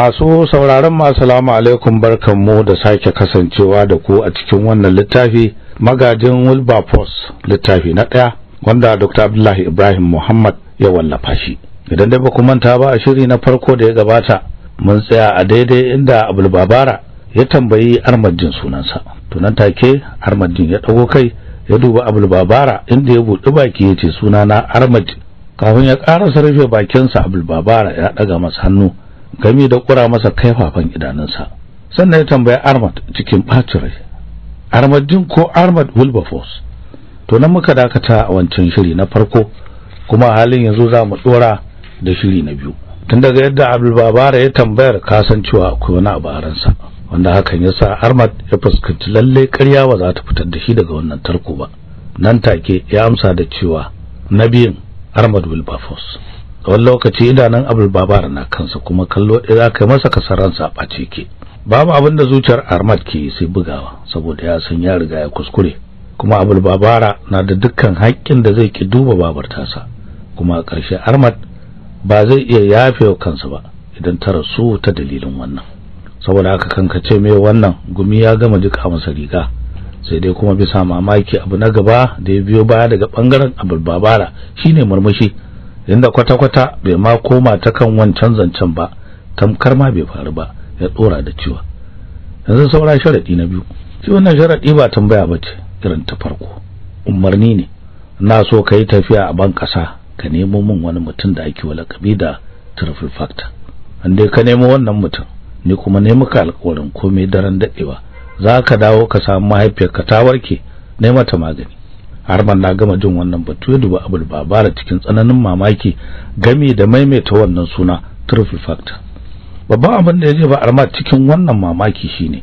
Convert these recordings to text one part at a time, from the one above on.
Masu sauraron mu assalamu alaikum mu da sake kasancewa da ku a cikin wannan littafi magajin Wilberforce littafi na ɗaya wanda Dr. Abdullahi Ibrahim Muhammad ya wallafa shi. Idan dai ba ku manta ba a shiri na farko da ya gabata mun tsaya a daidai inda Abul Babara ya tambayi Armadin sunansa. Tunan take Armadin ya ɗago kai ya duba Abul Babara inda ya buɗi baki ya ce sunana armaj. kafin ya ƙarasa rufe bakinsa Abul Babara ya ɗaga masa hannu Gami da kura masa kaifafan idanunsa sannan ya tambaya Armad cikin batirai rai ko Armad Wilberforce to nan muka dakata a wancan shiri na farko kuma a halin yanzu za mu dora da shiri na biyu tun daga yadda Abdul Babara ya tambayar kasancewa akwai wani abu a ransa wanda hakan ya sa Ahmad ya fuskanci lalle ƙarya ba za ta fitar da shi daga wannan tarko ba nan take ya amsa da cewa na biyun Ahmad Wilberforce wani lokaci idanun abul na kansa kuma kallo ɗaya za ka yi masa kasaran ɓace ke babu abin da zuciyar ahmad ke sai bugawa saboda ya san ya riga ya kuskure kuma abul na da dukkan haƙƙin da zai ki duba babar tasa kuma a ƙarshe ahmad ba zai iya yafe wa kansa ba idan ta rasu ta dalilin wannan saboda haka kanka ce me wannan gumi ya gama duka masa riga sai dai kuma bisa mamaki abu na gaba da ya biyo baya daga bangaren abul shine murmushi inda kwata-kwata bai ma koma ta kan wancan zancen ba tamkar ma bai faru ba ya dora da cewa yanzu saura sharadi na biyu shi wannan sharadi ba tambaya ba ce irin ta farko umarni ne na so ka yi tafiya a ban kasa ka nemo min wani mutum da ake walakabi da triple factor an dai ka nemo wannan mutum ni kuma ne muka alƙawarin komai daren daɗewa za ka dawo ka samu mahaifiyarka ta warke nema ta magani ban na gama jin wannan batu ya duba Abul Babara cikin tsananin mamaki gami da maimaita wannan suna Trophy Factor. Babban abin da ya ba Arma cikin wannan mamaki shine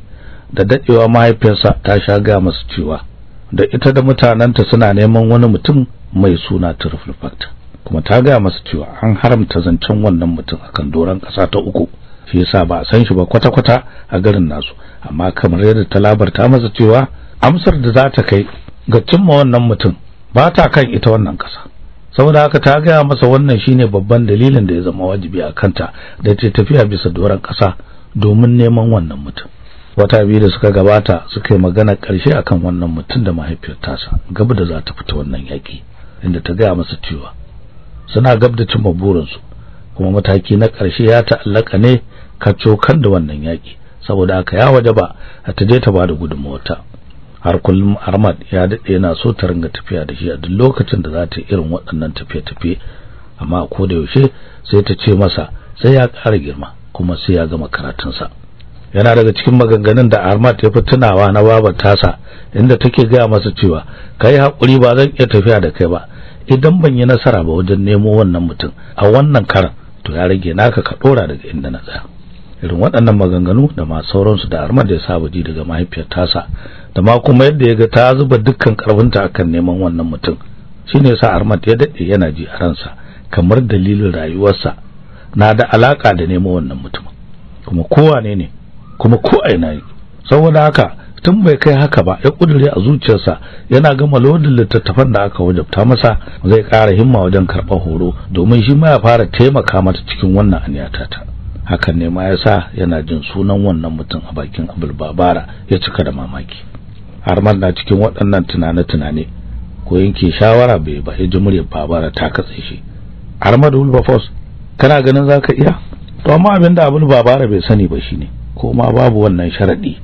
da dadewa mahaifiyarsa ta sha ga masu cewa da ita da mutananta suna neman wani mutum mai suna Trophy Factor. Kuma ta ga masu cewa an haramta zancen wannan mutum akan doron ƙasa ta uku. Shi yasa ba a san shi ba kwata-kwata a garin nasu, amma kamar yadda ta labarta masa cewa amsar da za ta kai ga cimma wannan mutum ba ta kan ita wannan kasa, saboda haka ta gaya masa wannan shine babban dalilin da ya zama wajibi a kanta da ta tafiya bisa doron kasa domin neman wannan mutum wata biyu da suka gabata suka yi magana ƙarshe akan wannan mutum da mahaifiyar tasa gaba da za ta fita wannan yaƙi inda ta gaya masa cewa suna gab da cimma burinsu kuma mataki na ƙarshe ya ta'allaka ne ka da wannan yaƙi saboda haka ya waje wajaba ta je ta bada gudunmawarta har kullum Ahmad ya dade yana so ta ringa tafiya da shi a duk lokacin da za ta irin waɗannan tafiye-tafiye amma ko da yaushe sai ta ce masa sai ya ƙara girma kuma sai ya gama karatunsa yana daga cikin maganganun da Ahmad ya fi tunawa na babar tasa inda take gaya masa cewa kai hakuri ba zan iya tafiya da kai ba idan ban yi nasara ba wajen nemo wannan mutum a wannan karan to ya rage naka ka dora daga inda na tsaya irin waɗannan maganganu da masu sauransu da Ahmad ya saba ji daga mahaifiyar tasa da ma kuma yadda ya ga ta zuba dukkan karfinta akan neman wannan mutum shine yasa Ahmad ya daɗe yana ji a ransa kamar dalilin rayuwarsa na da alaƙa da neman wannan mutum kuma kowane ne kuma ko aina yi saboda haka tun bai kai haka ba ya kudure a zuciyarsa yana gama lodin littattafan da aka wajabta masa zai ƙara himma wajen karɓar horo domin shi ma ya fara taimaka mata cikin wannan aniyata ta hakan ne ma sa yana jin sunan wannan mutum a bakin abul babara ya cika da mamaki man na cikin waɗannan tunane-tunane ko yanke shawara bai ba ya ji muryar babara ta katse shi Arman Wilberforce kana ganin zaka iya to amma da abin babara bai sani ba shine ko ma babu wannan sharadi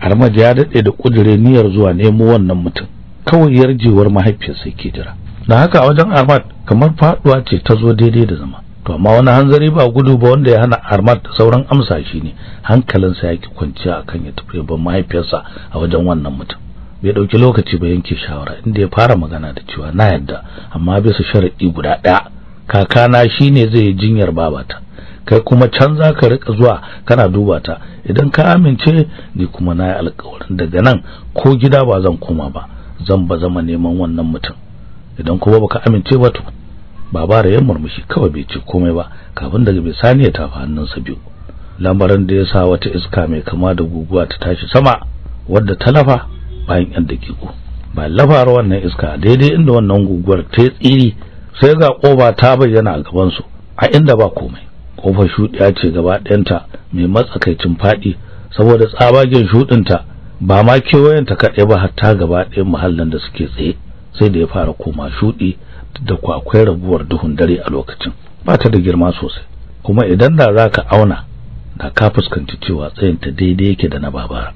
Armad ya daɗe da kudure niyyar zuwa nemo wannan mutum kawai yarjewar mahaifiyarsa ke jira da haka wajen Armad kamar faɗuwa ce ta zo daidai da zama to amma wani hanzari ba gudu ba wanda ya hana Armad da sauran amsa shi ne hankalinsa yake kwanciya akan ya tafi ban mahaifiyarsa a wajen wannan mutum bai dauki lokaci ba yanke shawara inda ya fara magana da cewa na yadda amma bisa sharadi guda daya kakana shine zai yi jinyar babata kai kuma can za ka rika zuwa kana duba ta idan ka amince ni kuma na yi alkawarin daga nan ko gida ba zan koma ba zan ba zama neman wannan mutum idan kuma baka amince ba to da ya murmushi kawai bai ce komai ba kafin daga sani ya tafi hannunsa biyu lamarin da ya sa wata iska mai kama da guguwa ta tashi sama wadda talafa bayan yan dakiku ba lafar wannan iska daidai inda wannan guguwar ta tsiri sai ga koba ta bayyana a gaban su a inda ba komai kofar ya ce gaba ɗayanta mai matsakaicin faɗi saboda tsabagen shudinta ba ma kewayenta kaɗai ba hatta gaba ɗayan mahallan da suke tsaye sai da ya fara koma shuɗi da kwakwai rabuwar duhun dare a lokacin ba ta da girma sosai kuma idan da za ka auna da ka fuskanci cewa tsayinta daidai yake da na babara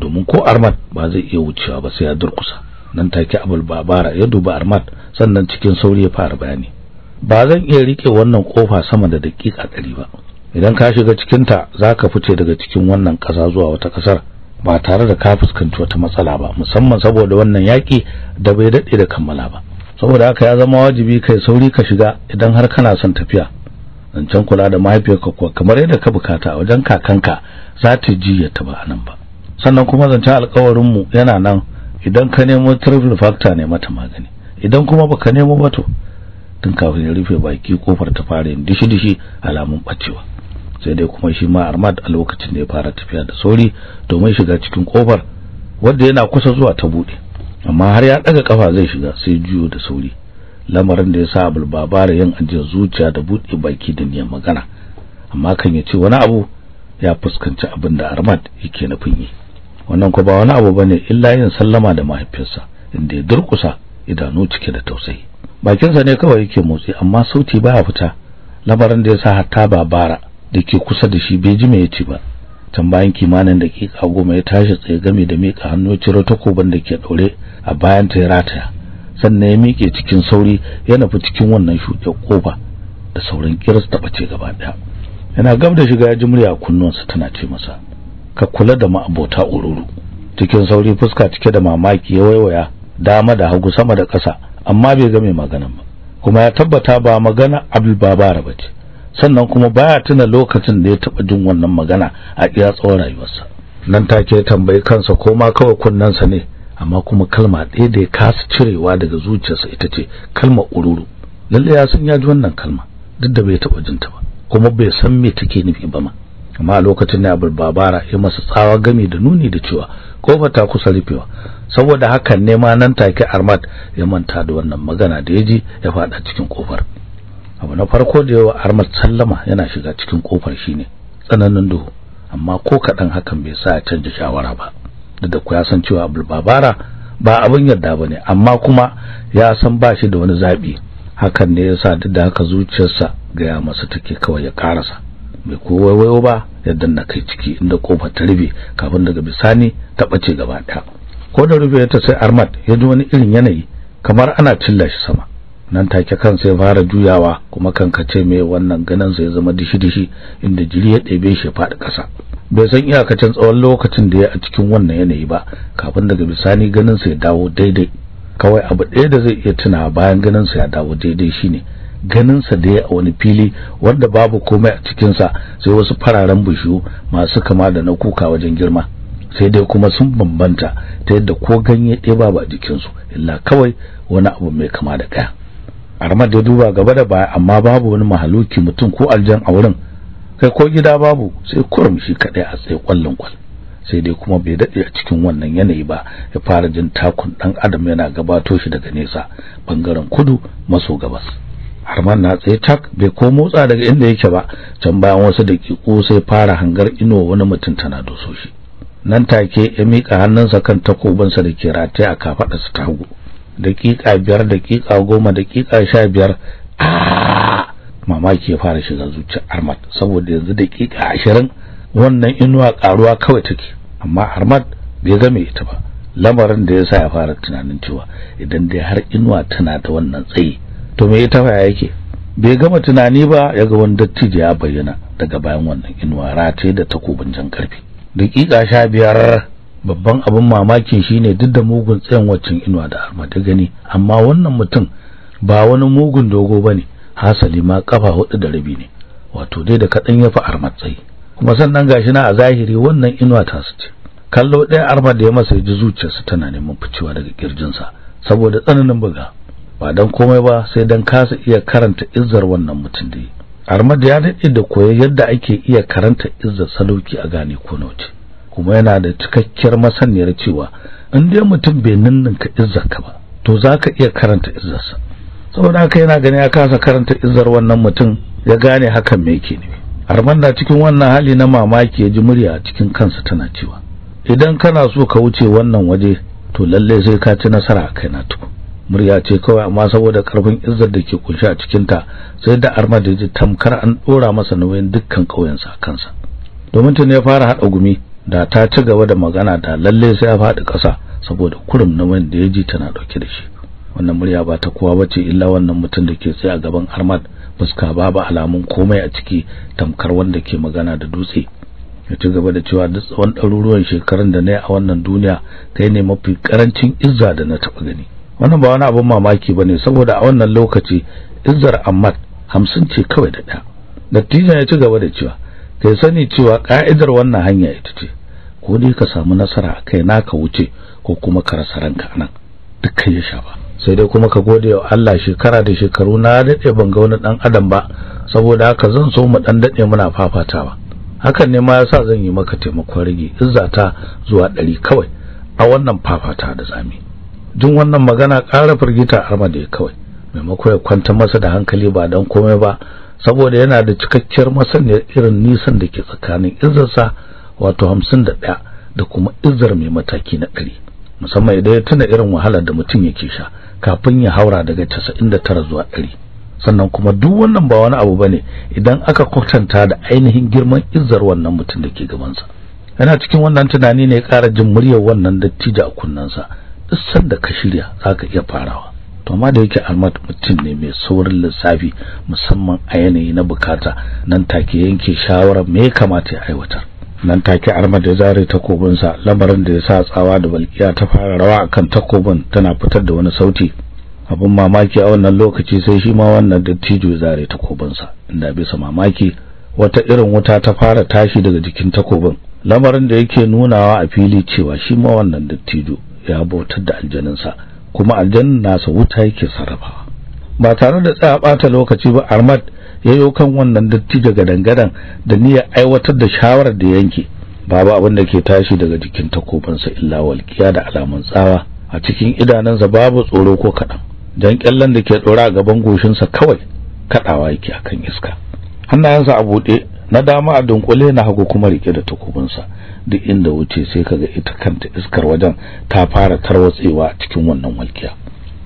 domin ko armat ba zai iya wucewa ba sai ya durkusa nan take Abul Babara ya duba armat sannan cikin sauri ya fara bayani ba zan iya rike wannan kofa sama da dakika 100 ba idan ka shiga cikin ta zaka fice daga cikin wannan kasa zuwa wata ƙasar ba tare da ka fuskanci wata matsala ba musamman saboda wannan yaƙi da bai daɗe da kammala ba saboda haka ya zama wajibi kai sauri ka shiga idan har kana son tafiya zancen kula da mahaifiyarka kuwa kamar yadda ka bukata wajen kakanka za ta ji ya a nan ba sannan kuma zancen alkawarin mu yana nan idan ka nemo triple factor ne mata magani idan kuma ka nemo ba to tun kafin ya rufe baki kofar ta fara yin dishi-dishi alamun ɓacewa. sai dai kuma shi ma armad a lokacin da ya fara tafiya da sauri domin shiga cikin kofar wadda yana kusa zuwa ta buɗe amma har ya ɗaga kafa zai shiga sai juyo da sauri lamarin da ya sa Abul Babara yin ajiyar zuciya da buɗe baki da niyyar magana amma kan ya ce wani abu ya fuskanci abin da armad yake nufin yi wannan ko ba wani abu bane illa yin sallama da mahaifinsa inda ya durkusa idanu cike da tausayi bakinsa ne kawai yake motsi amma sauti baya fita lamarin da ya yasa hatta babara da ke kusa da shi bai ji me yace ba can bayan kimanin daƙiƙa goma ya tashi tsaye game da miƙa hannu ya ciro takoban da ke ɗaure a bayan ta ya rataya sannan ya miƙe cikin sauri ya nufi cikin wannan shuɗe ƙofa da sauran kiris ta ɓace gaba ɗaya yana gab da shiga ya ji murya kunnuwansa tana ce masa ka kula da ma'abota ururu cikin sauri fuska cike da mamaki ya waiwaya dama da hagu sama da ƙasa amma bai ga mai magana. ba kuma ya tabbata ba magana abul babara ba ce sannan kuma baya tuna lokacin da ya taba jin wannan magana a iya tsawon rayuwarsa nan take tambayi kansa ko ma kawai kunnensa ne amma kuma kalma ɗaya da ya kasa cirewa daga zuciyarsa ita ce kalma ururu lalle ya san ya ji wannan kalma duk da bai taɓa jinta ba kuma bai san me take nufi ba ma amma lokacin da Abul Babara ya masa tsawa gami da nuni da cewa kofar ta kusa rufewa saboda hakan ne ma nan take Armad ya manta da wannan magana da yaji ya fada cikin kofar abu na farko da yawa Armad sallama yana shiga cikin kofar shine tsananin duhu amma ko kadan hakan bai sa ya canja shawara ba da da ku san cewa Abul Babara ba abin yarda bane amma kuma ya san ba shi da wani zabi hakan ne yasa duk da haka zuciyarsa ga ya masa take kawai ya karasa bai ko wayo ba yadda na kai ciki inda kofar ta rufe kafin daga bisani ta bace gaba ɗaya ko da rufe ta sai Ahmad ya ji wani irin yanayi kamar ana cilla shi sama nan take kan sai fara juyawa kuma kan kace mai wannan ganin sai ya zama dishi-dishi inda jiri ya ɗebe shi faɗi ƙasa bai san iyakacin tsawon lokacin da ya a cikin wannan yanayi ba kafin daga bisani ganin sai ya dawo daidai kawai abu ɗaya da zai iya tuna bayan ganin sai ya dawo daidai shine ganinsa da ya a wani fili wanda babu komai a cikinsa sai wasu fararen bishiyu masu kama da na kuka wajen girma sai dai kuma sun bambanta ta yadda ko ganye ɗaya babu a jikinsu illa kawai wani abu mai kama da kaya Ahmad ya duba gaba da baya amma babu wani mahaluki mutum ko aljan a wurin kai ko gida babu sai kurum shi kadai a tsaye kwallon kwal sai dai kuma bai daɗe a cikin wannan yanayi ba ya fara jin takun ɗan adam yana gabato shi daga nesa bangaren kudu maso gabas Harman na tsaye tak bai ko motsa daga inda yake ba can bayan wasu dakiku sai fara hangar ino wani mutum tana doso shi nan take ya mika hannunsa kan takobinsa da ke rataye a kafada ta hagu daƙiƙa biyar daƙiƙa goma daƙiƙa sha biyar ah! mamaki ya fara shiga zuciyar Harman saboda yanzu daƙiƙa ashirin wannan inuwa ƙaruwa kawai take amma Harman bai game ita ba lamarin da yasa ya fara tunanin cewa idan dai har inuwa tana da wannan tsayi to me ya tafaya yake bai gama tunani ba yaga ga wani dattijo ya bayyana daga bayan wannan inuwa rataye da takobin jan karfe dakika sha biyar babban abin mamakin shine duk da mugun tsayin waccan inuwa da arma ta gani amma wannan mutum ba wani mugun dogo bane hasali ma kafa hudu da rabi ne wato dai da kadan ya fi Ahmad tsayi kuma sannan gashi na a zahiri wannan inuwa ta su ce kallo ɗaya Ahmad ya masa ji zuciyarsa tana neman ficewa daga kirjinsa saboda tsananin buga ba dan komai ba sai dan kasa iya karanta izzar wannan mutum dai Ahmad ya dade da koyar yadda ake iya karanta izzar saloki a gane ko wuce, kuma yana da cikakkiyar masaniyar cewa in dai mutum bai ninninka izzar ka ba to zaka iya karanta izzar sa saboda haka yana gani ya kasa karanta izzar wannan mutum ya gane hakan me yake ne armad na cikin wannan hali na mamaki ya ji murya a cikin kansa tana cewa idan kana so ka wuce wannan waje to lalle sai ka ci nasara kai na tuku. murya ce kawai amma saboda karfin izzar da ke kunshi a cikinta sai da armad da ji tamkar an dora masa nauyin dukkan kauyensa a kansa domin tun ya fara haɗa gumi da ta ci gaba da magana da lalle sai ya faɗi kasa saboda kurum na da ya ji tana ɗauke da shi wannan murya ba ta kowa bace illa wannan mutum da ke tsaye a gaban armad fuska babu alamun komai a ciki tamkar wanda ke magana da dutse ya ci gaba da cewa duk tsawon ɗaruruwan shekarun da na yi a wannan duniya kai ne mafi ƙarancin izza da na taɓa gani wannan ba wani abin mamaki bane saboda a wannan lokaci izzar ammad hamsin ce kawai da ɗaya natija ya ci gaba da cewa kai sani cewa ka'idar wannan hanya ita ce ko dai ka samu nasara kai naka wuce ko kuma ka rasa ranka anan dukkan ya sha sai dai kuma ka gode wa Allah shekara da shekaru na daɗe ban ga wani ɗan adam ba saboda haka zan so mu ɗan daɗe muna fafatawa hakan ne ma yasa zan yi maka taimakon rage izzata zuwa ɗari kawai a wannan fafata da tsami jin wannan magana ƙara firgita Ahmad ya kawai maimako ya kwanta masa da hankali ba dan komai ba saboda yana da cikakkiyar masaniyar irin nisan da ke tsakanin izzarsa wato 51 da kuma izzar mai mataki na ɗari. musamman idan ya tuna irin wahalar da mutum yake sha kafin ya haura daga 99 zuwa 100 sannan kuma duk wannan ba wani abu bane idan aka kwatanta da ainihin girman izzar wannan mutum da ke gabansa yana cikin wannan tunani ne ya ƙara jin muryar wannan dattijo a kunnensa duk da ka shirya za ka iya farawa to amma da yake Ahmad mutum ne mai saurin lissafi musamman a yanayi na bukata nan take yanke shawara me ya kamata ya aiwatar nan take Ahmad ya zare takobinsa lamarin da ya sa tsawa da balkiya ta fara rawa kan takobin tana fitar da wani sauti abin mamaki a wannan lokaci sai shi ma wannan dattijo ya zare takobinsa inda bisa mamaki wata irin wuta ta fara tashi daga jikin takobin lamarin da yake nunawa a fili cewa shi ma wannan dattijo ya bautar da aljaninsa kuma aljanin nasa wuta yake sarrafawa. ba tare da tsaya bata lokaci ba armad ya yo kan wannan datti daga dangadan da niyyar aiwatar da shawarar da yanke babu abin da ke tashi daga jikin takobansa illa walkiya da alamun tsawa a cikin idanunsa babu tsoro ko kaɗan jan kyallen da ke ɗora a gaban goshinsa kawai kaɗawa yake akan iska hannayensa a buɗe na dama a dunkule na hagu kuma rike da takubinsa duk inda wuce sai kaga ita kanta iskar wajen ta fara tarwatsewa cikin wannan walkiya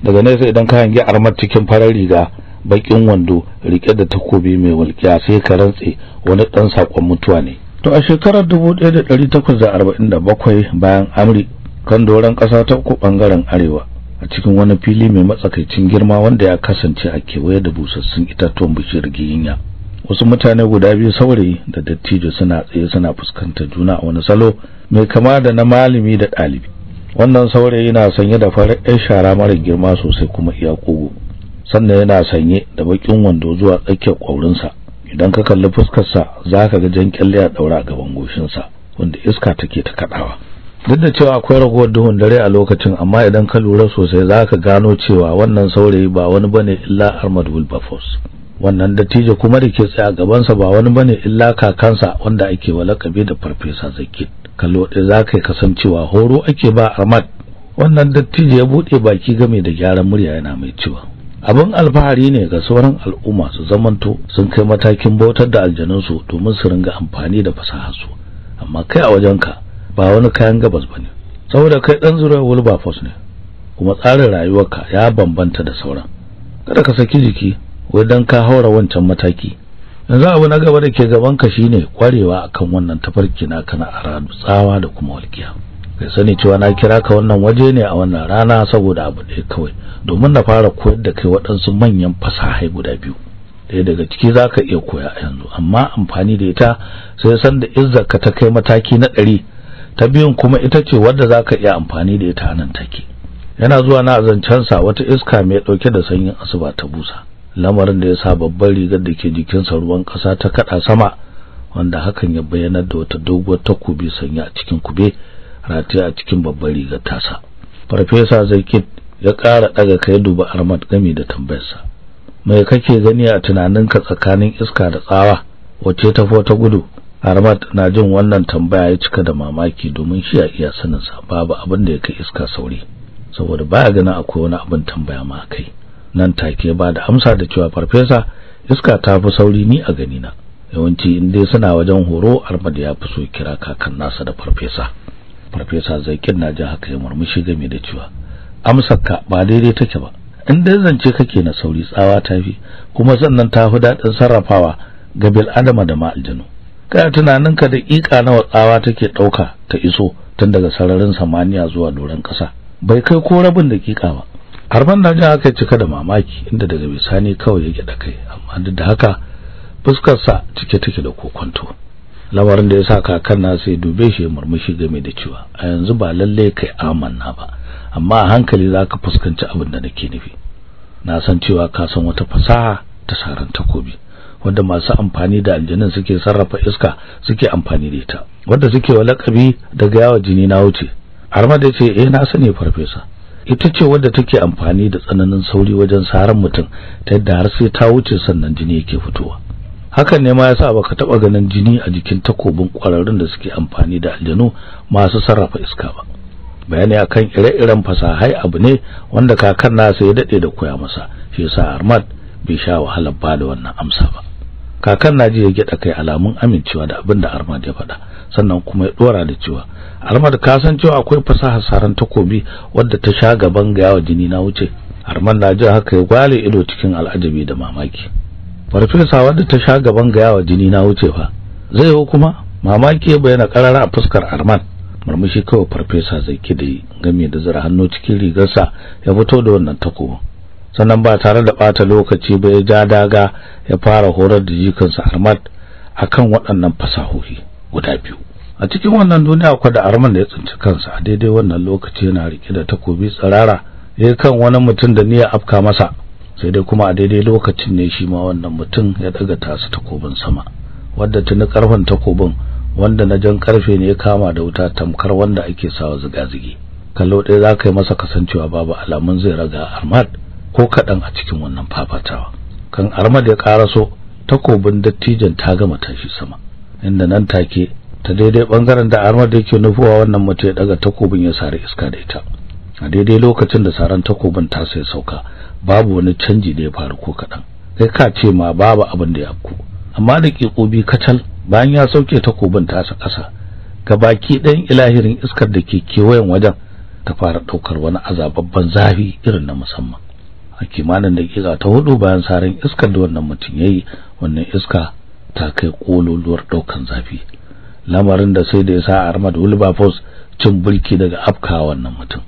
daga nesa idan ka hangi armar cikin farar riga bakin wando rike da takobi mai walkiya sai ka rantse wani dan sakon mutuwa ne to a shekarar 1847 bayan amri kan doran kasa ta uku bangaren arewa a cikin wani fili mai matsakaicin girma wanda ya kasance a kewaye da busassun itatuwan bishiyar giyinya wasu mutane guda biyu saurayi da dattijo suna tsaye suna fuskantar juna a wani salo mai kama da na malami da ɗalibi wannan saurayi yana sanye da farar yan shara mara girma sosai kuma iya kogo sannan yana sanye da bakin wando zuwa tsakiyar ƙwaurinsa idan ka kalli fuskarsa za ka ga jan kyalle a ɗaura a gaban goshinsa wanda iska take ta kaɗawa duk da cewa akwai ragowar duhun dare a lokacin amma idan ka lura sosai za ka gano cewa wannan saurayi ba wani bane illa Ahmad Wilberforce wannan dattijo kuma da ke tsaye a gabansa ba wani bane illa kakansa wanda ake walakabe da farfesa zakit kallo ɗaya za ka kasancewa horo ake ba armad wannan dattijo ya buɗe baki game da gyaran murya yana mai cewa abin alfahari ne ga sauran al'umma su zamanto sun kai matakin bautar da aljanunsu domin su ringa amfani da su amma kai a wajenka ba wani kayan gabas ba ne saboda kai ɗan zurar wilberforce ne kuma tsarin rayuwarka ya bambanta da sauran kada ka saki jiki Wai wadan ka haura wancan mataki yanzu abu na gaba da ke gaban ka shine kwarewa akan wannan tafarki na kana aradu tsawa da kuma walkiya kai sani cewa na kira ka wannan waje ne a wannan rana saboda abu ɗaya kawai domin na fara koyar da kai waɗansu manyan fasahai guda biyu ɗaya daga ciki za ka iya koya a yanzu amma amfani da ita sai san da izzar ka ta kai mataki na ɗari ta biyun kuma ita ce wadda za ka iya amfani da ita nan take yana zuwa na azancansa wata iska mai ɗauke da sanyin asuba ta busa lamarin da ya sa babban rigar da ke jikinsa ruwan ƙasa ta kaɗa sama wanda hakan ya bayyana da wata doguwar takobi sanya a cikin kube rati a cikin babban rigar tasa farfesa zaikid ya ƙara ɗaga kai duba armad gami da tambayarsa mai kake gani a tunaninka tsakanin iska da tsawa Wace ta fo ta gudu armad na jin wannan tambaya ya cika da mamaki domin shi a iya saninsa babu abin da ya kai iska sauri saboda baya ganin akwai wani abin tambaya ma kai nan take ba da amsa da cewa farfesa iska ta fi sauri ni a gani na yawanci in dai suna wajen horo Ahmad ya fi so kira kakan nasa da farfesa farfesa zakin na ji haka ya murmushi game da cewa amsarka ba daidai take ba in dai zance kake na sauri tsawa ta fi kuma sannan ta fi daɗin sarrafawa ga bil adama da ma'aljanu kana tunaninka da ƙiƙa nawa tsawa take ɗauka ta iso tun daga sararin samaniya zuwa doron ƙasa bai kai ko rabin daƙiƙa ba harban da ja aka cika da mamaki inda daga bisani kawai ya da kai amma duk da haka fuskar sa cike take da kokonto lamarin da ya sa kakan na sai dube shi murmushi game da cewa a yanzu ba lalle kai amanna ba amma a hankali zaka fuskanci abin da nake nufi na san cewa ka san wata fasaha ta saran takobi wanda masu amfani da aljinin suke sarrafa iska suke amfani da ita wanda suke wa lakabi daga yawa jini na wuce har ma ce eh na sani farfesa ita ce wadda take amfani da tsananin sauri wajen saran mutum ta yadda har sai ta wuce sannan jini yake fitowa hakan ne ma yasa baka taba ganin jini a jikin takobin kwararrun da suke amfani da aljanu masu sarrafa iska ba bayani akan ire-iren fasahai abu ne wanda kakan nasa ya dade da koya masa shi yasa Ahmad bai sha wahalar bada wannan amsa ba kakan ji ya gida kai alamun amincewa da abin da Armad ya faɗa sannan kuma ya dora da cewa Armad ka san cewa akwai fasahar saran takobi wadda ta sha gaban ga yawa jini na wuce Arman na ji haka ya gwale ido cikin al'ajabi da mamaki farfesa wadda ta sha gaban ga yawa jini na wuce fa zai ho kuma mamaki ya bayyana karara a fuskar arman. murmushi kawai farfesa zai kidi game da zura hannu cikin rigarsa ya fito da wannan takobin sannan ba tare da ɓata lokaci ba ya ja daga ya fara horar da jikinsa Ahmad kan waɗannan fasahohi guda biyu a cikin wannan duniya akwai da Arman da ya tsinci kansa a daidai wannan lokaci yana rike da takobi tsirara ya kan wani mutum da niyya afka masa sai dai kuma a daidai lokacin ne shi ma wannan mutum ya daga tasu takobin sama wadda tuni karfin takobin wanda na jan karfe ne ya kama da wuta tamkar wanda ake sawa ziga-zige kallo ɗaya za ka yi masa kasancewa babu alamun zai raga Ahmad ko kaɗan a cikin wannan fafatawa kan armad ya karaso takobin dattijan ta gama tashi sama inda nan take ta daidai bangaren da armad yake nufuwa wannan mace ya daga takobin ya sare iska da ita a daidai lokacin da saran takobin ta sai sauka babu wani canji da ya faru ko kaɗan kai ka ce ma babu abin da ya afku amma da ƙiƙobi kacal bayan ya sauke takobin tasa ga baki ɗayan ilahirin iskar da ke kewayen wajen ta fara ɗaukar wani azababban zafi irin na musamman a kimanin dakika ta hudu bayan sarin iskar da wannan mutum yayi wannan iska ta kai kololuwar daukan zafi lamarin da sai da ya sa Ahmad Wilberforce cin bulki daga afka wannan mutum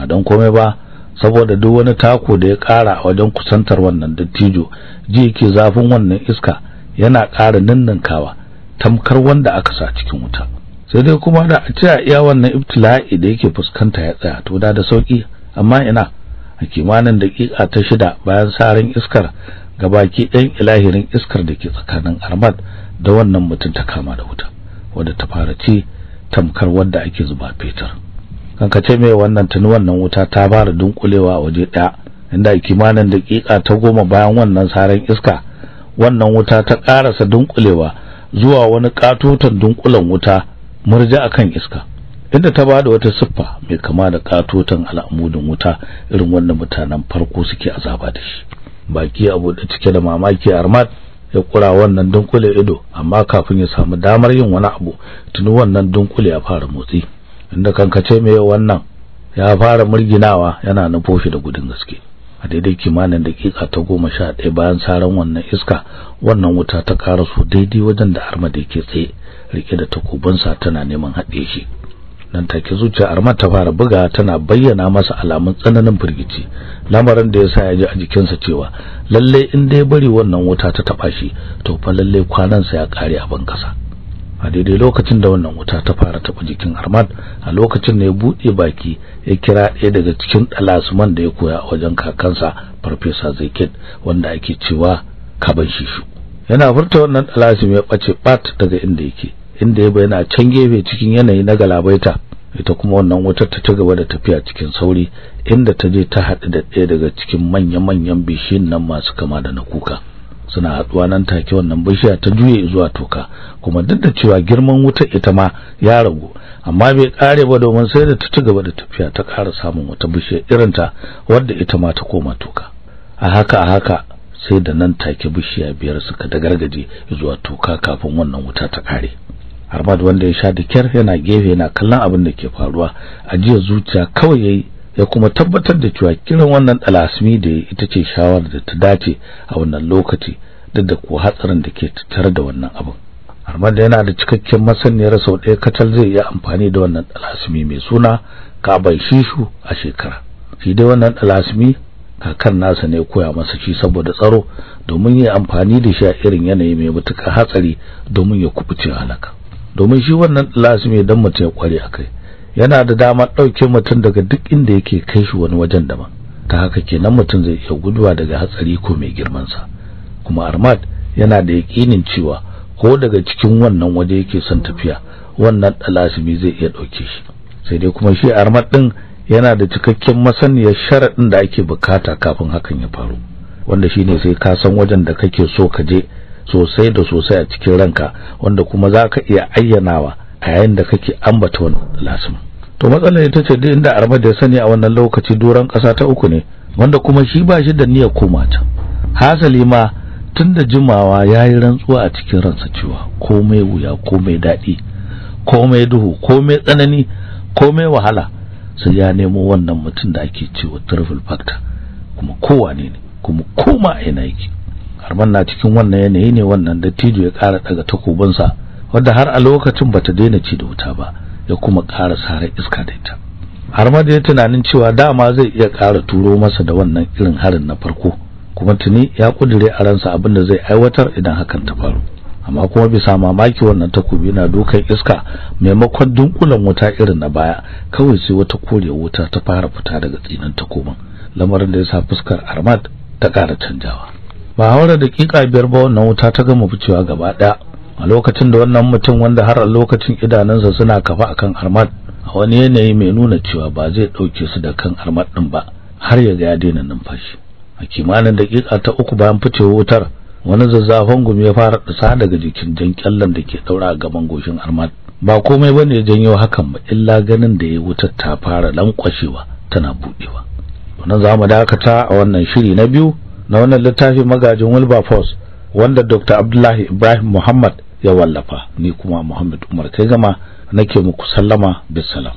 a don komai ba saboda duk wani tako da ya ƙara a wajen kusantar wannan dattijo ji yake zafin wannan iska yana ƙara ninninkawa tamkar wanda aka sa cikin wuta sai dai kuma da a ce a iya wannan ibtila'i da yake fuskanta ya tsaya to da da sauki amma ina a kimanin daƙiƙa ta shida bayan sarin iskar ga baki ɗayan ilahirin iskar da ke tsakanin armad da wannan mutum ta kama da wuta wadda ta fara ce tamkar wadda ake zuba fetur kankace mai wannan tuni wannan wuta ta fara dunkulewa a waje ɗaya inda kimanin daƙiƙa ta goma bayan wannan sarin iska wannan wuta ta ƙarasa dunkulewa zuwa wani ƙatoton dunkulen wuta murja akan iska inda ta bada wata siffa mai kama da katotan al'amudin wuta irin wannan mutanen farko suke azaba da shi baki abu da cike da mamaki armat ya kura wannan dunkule ido amma kafin ya samu damar yin wani abu tuni wannan dunkule ya fara motsi inda kankace mai wannan ya fara murginawa yana nufofi da gudun gaske a daidai kimanin dakika ta goma sha ɗaya bayan saran wannan iska wannan wuta ta su daidai wajen da armadi yake tsaye rike da takobinsa tana neman haɗe shi nan take zuciya armar ta fara buga tana bayyana masa alamun tsananin firgici lamarin da yasa ya ji a jikinsa cewa lalle in dai bari wannan wuta ta taba shi to fa lalle kwanan sa ya kare abin kasa a daidai lokacin da wannan wuta ta fara taba jikin Ahmad a lokacin da ya bude baki ya kira ɗaya daga cikin dalasman da ya koya a wajen kakansa Farfesa Zaikid wanda ake cewa kaban shishu yana furta wannan dalasmi ya bace bat daga inda yake inda ya bayyana can gefe cikin yanayi na galabaita ita kuma wannan wutar ta gaba da tafiya cikin sauri inda ta je ta haɗu da ɗaya daga cikin manya-manyan bishiyun nan masu kama da na kuka suna haɗuwa nan take wannan bishiya ta juye zuwa toka kuma duk da cewa girman wutar ita ma ya ragu amma bai ƙare ba domin sai da ta ci gaba da tafiya ta ƙara samun wata bishiyar ta wadda ita ma ta koma toka a haka a haka sai da nan take bishiya biyar suka dagargaje zuwa toka kafin wannan wuta ta ƙare Ahmad wanda ya sha dikyar yana gefe yana kallon abin da ke faruwa a jiya zuciya kawai yayi ya kuma tabbatar da cewa kiran wannan dalasmi da ita ce shawarar da ta dace a wannan lokaci duk da ko hatsarin da ke tattare da wannan abin Ahmad yana da cikakken masaniyar sau ɗaya kacal zai iya amfani da wannan dalasmi mai suna Kabai Shishu a shekara shi dai wannan dalasmi kakan nasa ne koya masa shi saboda tsaro domin ya amfani da shi a irin yanayi mai matuƙar hatsari domin ya kubuce halaka domin shi wannan lasimi dan mutum ya kware kai yana da damar ɗauke mutum daga duk inda yake kai shi wani wajen daban ta haka kenan mutum zai iya guduwa daga hatsari ko mai girman sa kuma Armad yana da yakinin cewa ko daga cikin wannan waje yake son tafiya wannan dalasimi zai iya dauke shi sai dai kuma shi Armad din yana da cikakken masaniyar sharadin da ake bukata kafin hakan ya faru wanda shine sai ka san wajen da kake so ka je sosai da sosai a cikin ranka wanda kuma za ka iya ayyanawa a yayin da kake ambata wani lasim to matsalar ita ce duk inda armad da ya sani a wannan lokaci doron ƙasa ta uku ne wanda kuma shi ba shi da niyyar koma ta hasali ma tun da jimawa ya yi rantsuwa a cikin ransa cewa komai wuya komai daɗi komai duhu komai tsanani komai wahala sai ya nemo wannan mutum da ake cewa triple factor kuma kowa ne kuma koma a yana yake harman na cikin wannan yanayi ne wannan dattijo ya ƙara daga takubansa wanda har a lokacin bata daina ci da wuta ba ya kuma ƙara sare iska da ita Arman ya tunanin cewa dama zai iya ƙara turo masa da wannan irin harin na farko kuma tuni ya kudure a ransa abinda zai aiwatar idan hakan ta faru amma kuma bisa mamaki wannan takobi na dokan iska maimakon dunkulan wuta irin na baya kawai sai wata kore wuta ta fara fita daga tsinin takobin lamarin da ya sa fuskar Armad ta ƙara canjawa ba haura daƙiƙa biyar ba wannan wuta ta gama ficewa gaba ɗaya a lokacin da wannan mutum wanda har a lokacin idanunsa suna kafa a kan armad a wani yanayi mai nuna cewa ba zai ɗauke su da kan armad ɗin ba har ya ga ya daina numfashi a kimanin daƙiƙa ta uku bayan ficewar wutar wani zazzafan gumi ya fara ɗasa daga jikin jan kyallan da ke ɗaura a gaban goshin armad ba komai ba ne janyo hakan ba illa ganin da ya wutar ta fara lankwashewa tana buɗewa wannan za mu dakata a wannan shiri na biyu na wannan littafi magajin Wilberforce wanda Dr. Abdullahi Ibrahim Muhammad ya wallafa ni kuma Muhammad Umar kai gama nake muku sallama bisalam